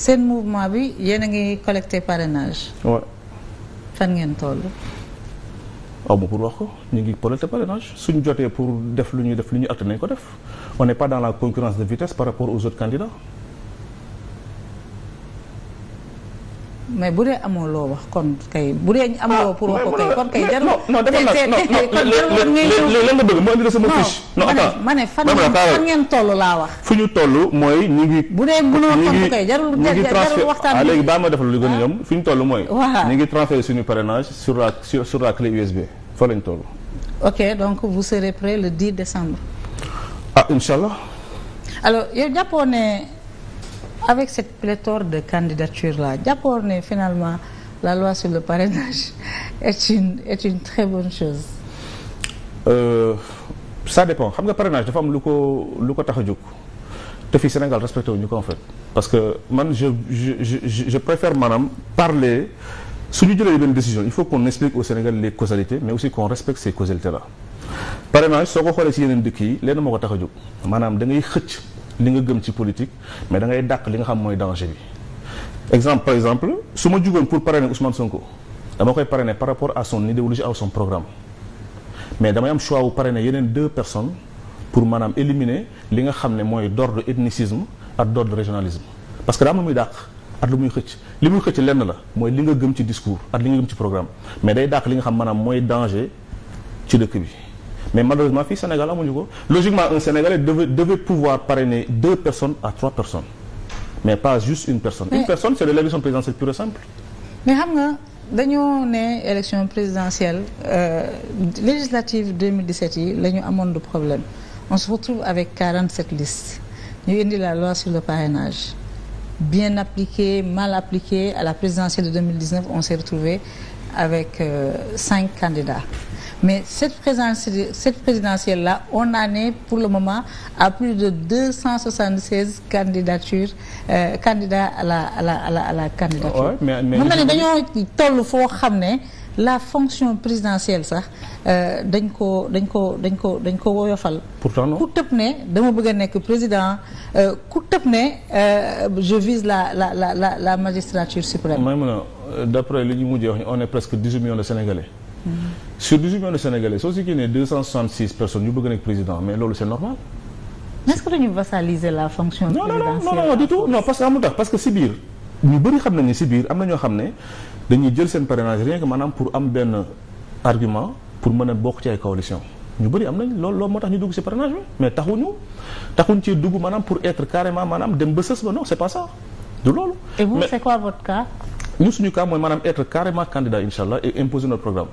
seen mouvement bi yéen a ngi collecté parenage waaw fan ngeen toll. aw ma pour wax ko ñu ngi collecté parrainage suñu jotee pour def lu ñuy def lu ñuy àtt nañ ko def on n'est pas dans la concurrence de vitesse par rapport aux autres candidats. mais bu dee amoo loo wax kon kay bu dee amuloo ah, pour wax ko kay kon kay jarul. non non defal naa lan nga bëgg ma indi la sama ngeen toll laa wax. fu ñu toll mooy ñu ngi. bu dee mënoo tontu kay jarul jarul waxtaan ah, baa ma defal lu gën ah. fu ñu toll mooy. ñu ngi transféré suñu parrainage sur la sur la clé USB fa lañ toll. ok donc vous serez prêt le di décembre. ah incha allah. yow jàppoo ne. avec cette pléthore de candidatures là jàppoon ne finalement la loi sur le parrainage est une est une très bonne chose. Euh, ça dépend xam nga parrainage dafa am lu ko lu ko tax a jóg te fii Sénégal respecté ñu ko en parce que man je je préfère maanaam parler su ñu jëlee benn décision il faut qu'on explique au Sénégal les causalités mais aussi qu'on respecte ces causalités là parrainage soo ko xoolee ci yeneen dëkk yi lenn moo ko tax a jóg maanaam da xëcc. li nga gëm ci politique mais da ngay dàq li nga xam mooy danger bi exemple par exemple su ma jugoon pour parrainer Ousmane Sonko dama koy parrainer par rapport à son idéologie à son programme mais damay am choix wu parrainer yeneen deux personnes pour maanaam éliminer li nga xam ne mooy d'ordre ethnicisme ak d'ordre régionalisme parce que daa am lu muy dàq ak lu muy xëcc li muy xëcc lenn la mooy li nga gëm ci discours ak li nga gëm ci programme mais day dàq li nga xam manaam mooy danger ci dëkk bi mais malheureusement fii Sénégal amuñu ko logiquement un Sénégalais devait devait pouvoir parrainer deux personnes à trois personnes mais pas personne. Mais, une personne c'est de l'élection présidentielle pure et simple. mais xam nga dañoo ne élection présidentielle euh, législative 2017 yi la ñu amoon du problème on se retrouve avec 47 listes ñu indi la loi le parrainage. bien appliqué mal appliqué à la présidentielle de 2019 on s'est retrouvé avec euh, cinq candidats Mais cette présidentielle, cette présidentielle là, on en est pour le moment à plus de 276 candidatures euh, candidats à la à la à la à la candidature. Ouais, mais mais dañoo toll foo xam ne la fonction présidentielle sax euh, dañ ko dañ ko dañ ko dañ ko woyofal. pourtant non ku tëb ne dama bëgg a nekk président euh, ku tëb ne euh, je vise la la la la la magistrature suprême. may mën a d'après li ñu mujjee wax on est presque 18 millions de Sénégalais. Mm-hmm. sur 18 millions de Sénégalais soo si génnee 266 personnes ñu bëgg nekk président mais loolu c'est normal. est-ce que dañu vassaliser la fonction. non non non non du tout non parce que amul tax parce que si biir ñu bëri xam nañu si biir am na ñoo xam ne dañuy jël seen parrainage rien que maanaam pour am benn argument pour mën a bokk ci ay coalition ñu bëri am nañ loolu loolu moo tax ñu dugg si parrainage bi mais taxuñu taxuñ ci dugg maanaam pour être carrément maanaam dem ba sës ba non c'est pas ça du loolu. et vous c'est quoi votre cas. ñun suñu cas mooy maanaam être carrément candidat incha allah et imposer notre programme.